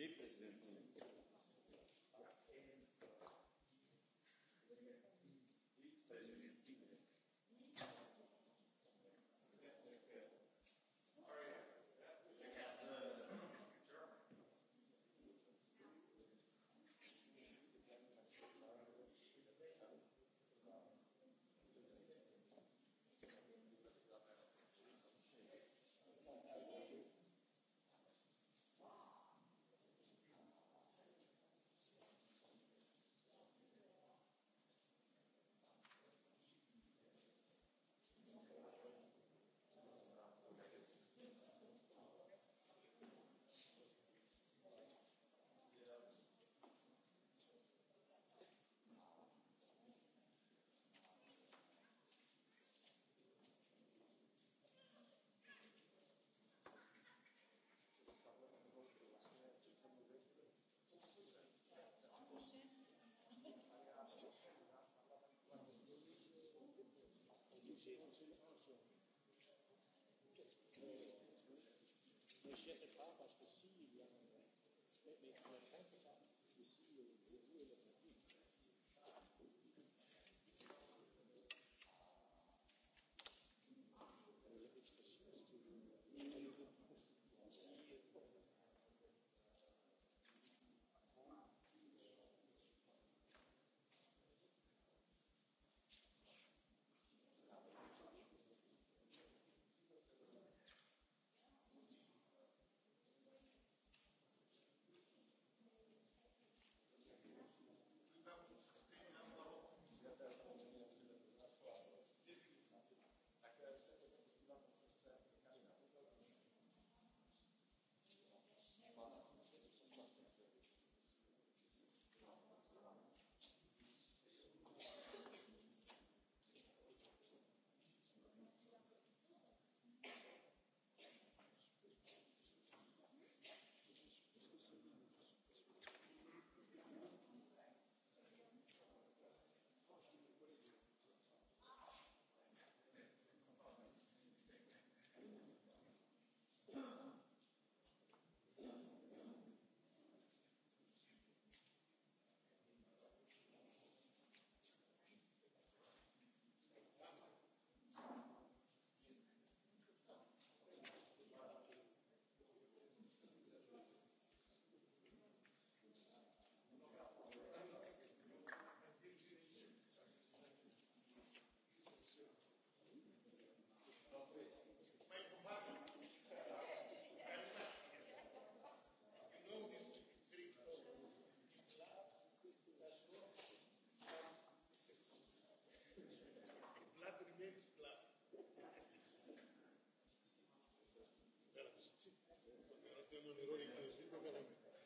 Depresivno. Ne sais pas parce que a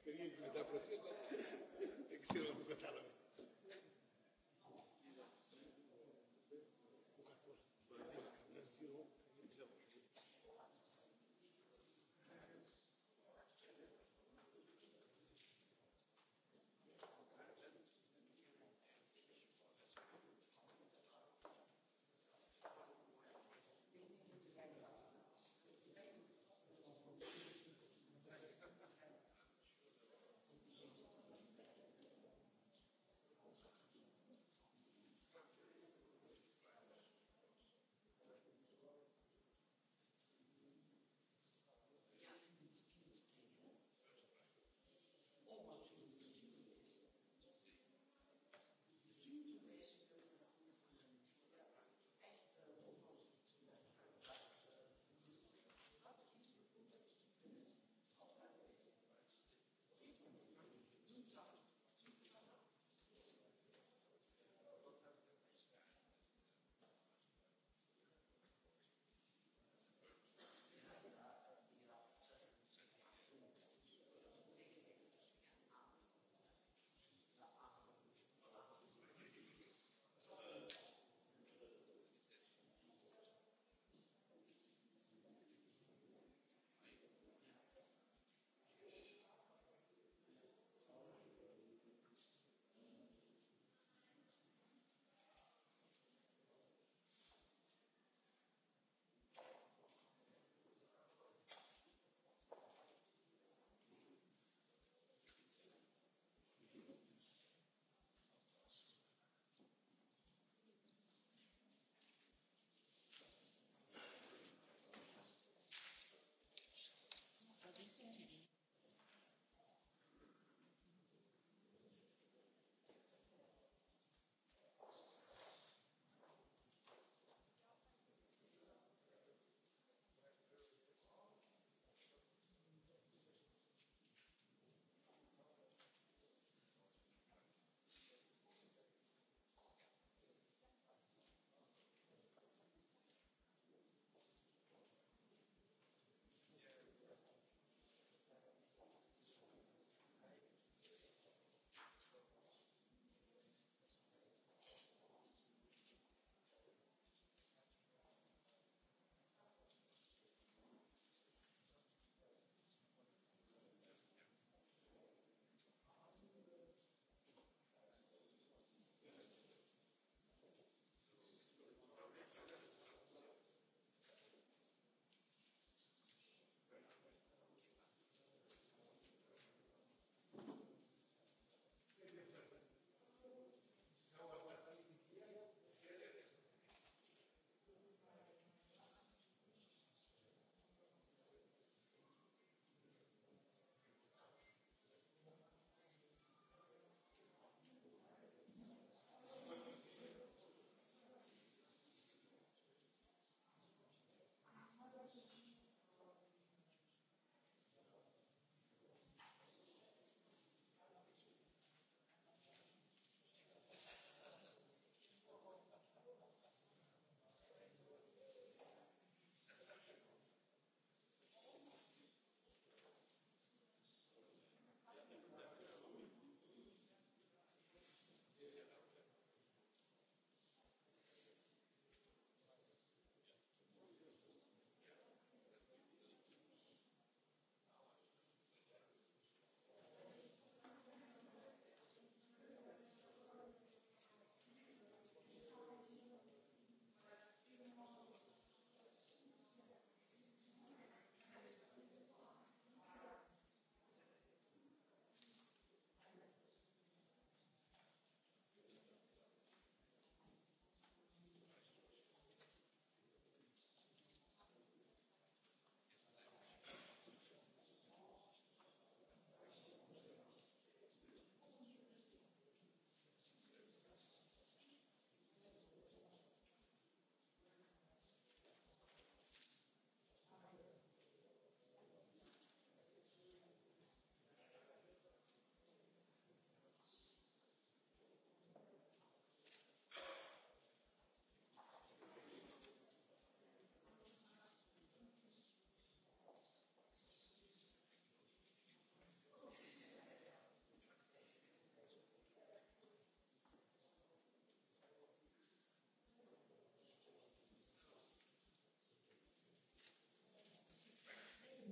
Riječ mi da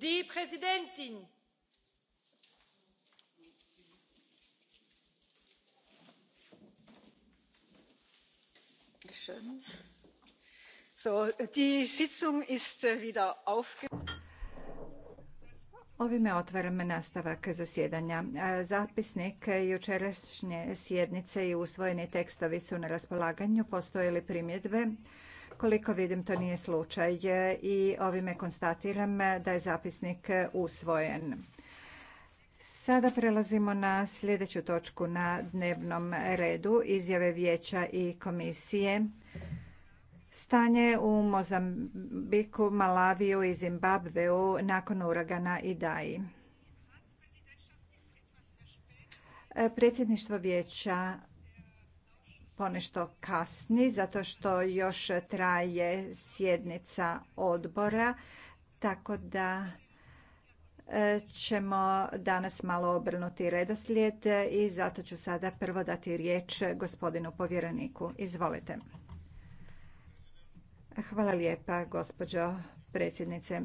die präsidentin! Äh, Ovime otvaram nastavak zasjedanja. E, zapisnik e, jučerašnje sjednice i usvojeni tekstovi su na raspolaganju. Postoje li primjedbe? Koliko vidim, to nije slučaj i ovime konstatiram da je zapisnik usvojen. Sada prelazimo na sljedeću točku na dnevnom redu, izjave vijeća i komisije. Stanje u Mozambiku, Malaviju i Zimbabveu nakon uragana i daji. Predsjedništvo vijeća ponešto kasni zato što još traje sjednica odbora, tako da e, ćemo danas malo obrnuti redoslijed i zato ću sada prvo dati riječ gospodinu povjereniku. Izvolite. Hvala lijepa, gospođo predsjednice.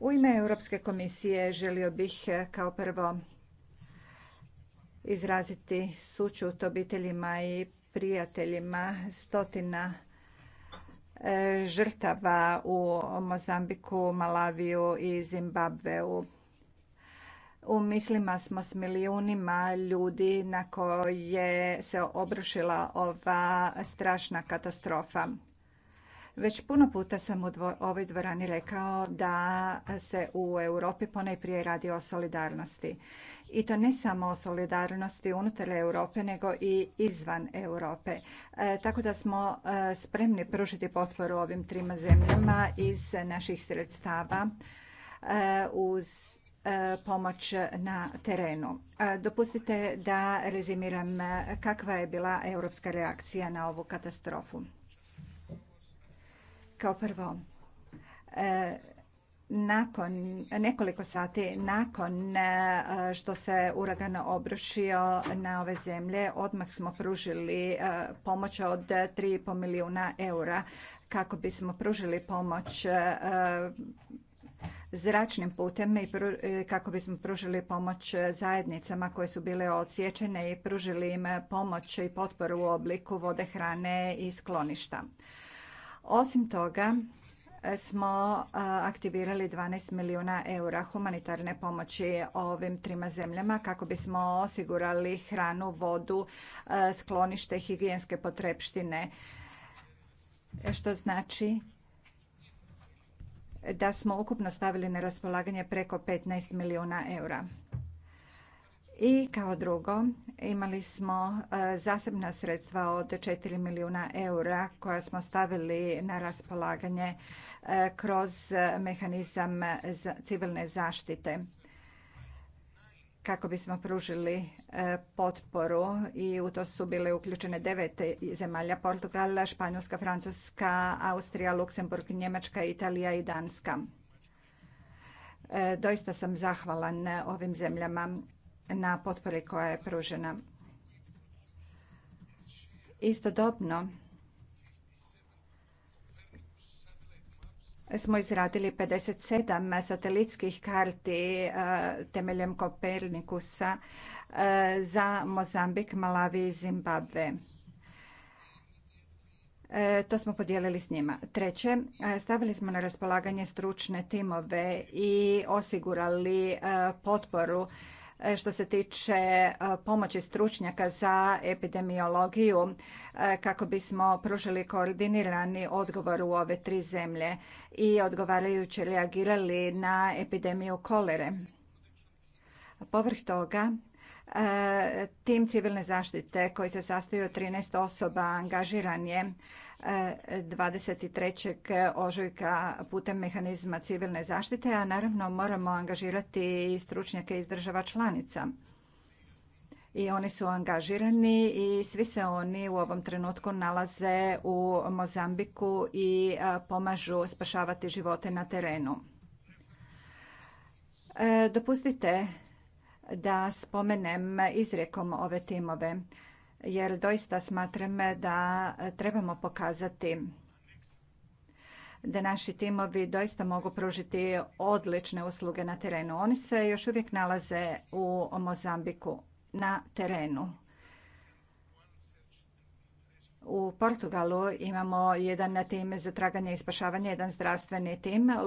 U ime Europske komisije želio bih e, kao prvo izraziti sućut obiteljima i prijateljima stotina e, žrtava u Mozambiku, Malaviju i Zimbabveu. U mislima smo s milijunima ljudi na koje se obrušila ova strašna katastrofa. Već puno puta sam u ovoj dvorani rekao da se u Europi ponajprije radi o solidarnosti. I to ne samo o solidarnosti unutar Europe, nego i izvan Europe. E, tako da smo e, spremni pružiti potporu ovim trima zemljama iz naših sredstava e, uz pomoć na terenu. Dopustite da rezimiram kakva je bila europska reakcija na ovu katastrofu. Kao prvo, e, nakon nekoliko sati nakon e, što se uragan obrušio na ove zemlje odmah smo pružili e, pomoć od 3,5 milijuna eura kako bismo pružili pomoć zračnim putem i kako bismo pružili pomoć zajednicama koje su bile odsječene i pružili im pomoć i potporu u obliku vode, hrane i skloništa. Osim toga smo aktivirali 12 milijuna eura humanitarne pomoći ovim trima zemljama kako bismo osigurali hranu, vodu, sklonište, higijenske potrepštine, što znači da smo ukupno stavili na raspolaganje preko 15 milijuna eura. I kao drugo, imali smo e, zasebna sredstva od 4 milijuna eura koja smo stavili na raspolaganje e, kroz e, mehanizam civilne zaštite kako bismo pružili potporu i u to su bile uključene devet zemalja Portugal, Španjolska, Francuska, Austrija, Luksemburg, Njemačka, Italija i Danska. Doista sam zahvalan ovim zemljama na potpori koja je pružena. Istodobno smo izradili 57 satelitskih karti e, temeljem Kopernikusa e, za Mozambik, Malavi i Zimbabve. E, to smo podijelili s njima. Treće, stavili smo na raspolaganje stručne timove i osigurali potporu E, što se tiče e, pomoći stručnjaka za epidemiologiju e, kako bismo pružili koordinirani odgovor u ove tri zemlje i odgovarajuće reagirali na epidemiju kolere. Povrh toga, E, tim civilne zaštite koji se sastoji od 13 osoba angažiran je 23. E, ožujka putem mehanizma civilne zaštite, a naravno moramo angažirati i stručnjake iz država članica. I oni su angažirani i svi se oni u ovom trenutku nalaze u Mozambiku i e, pomažu spašavati živote na terenu. Dopustite da spomenem izrijekom ove timove jer doista smatram da trebamo pokazati da naši timovi doista mogu pružiti odlične usluge na terenu. Oni se još uvijek nalaze u Mozambiku na terenu. U Portugalu imamo jedan tim za traganje i spašavanje, jedan zdravstveni tim.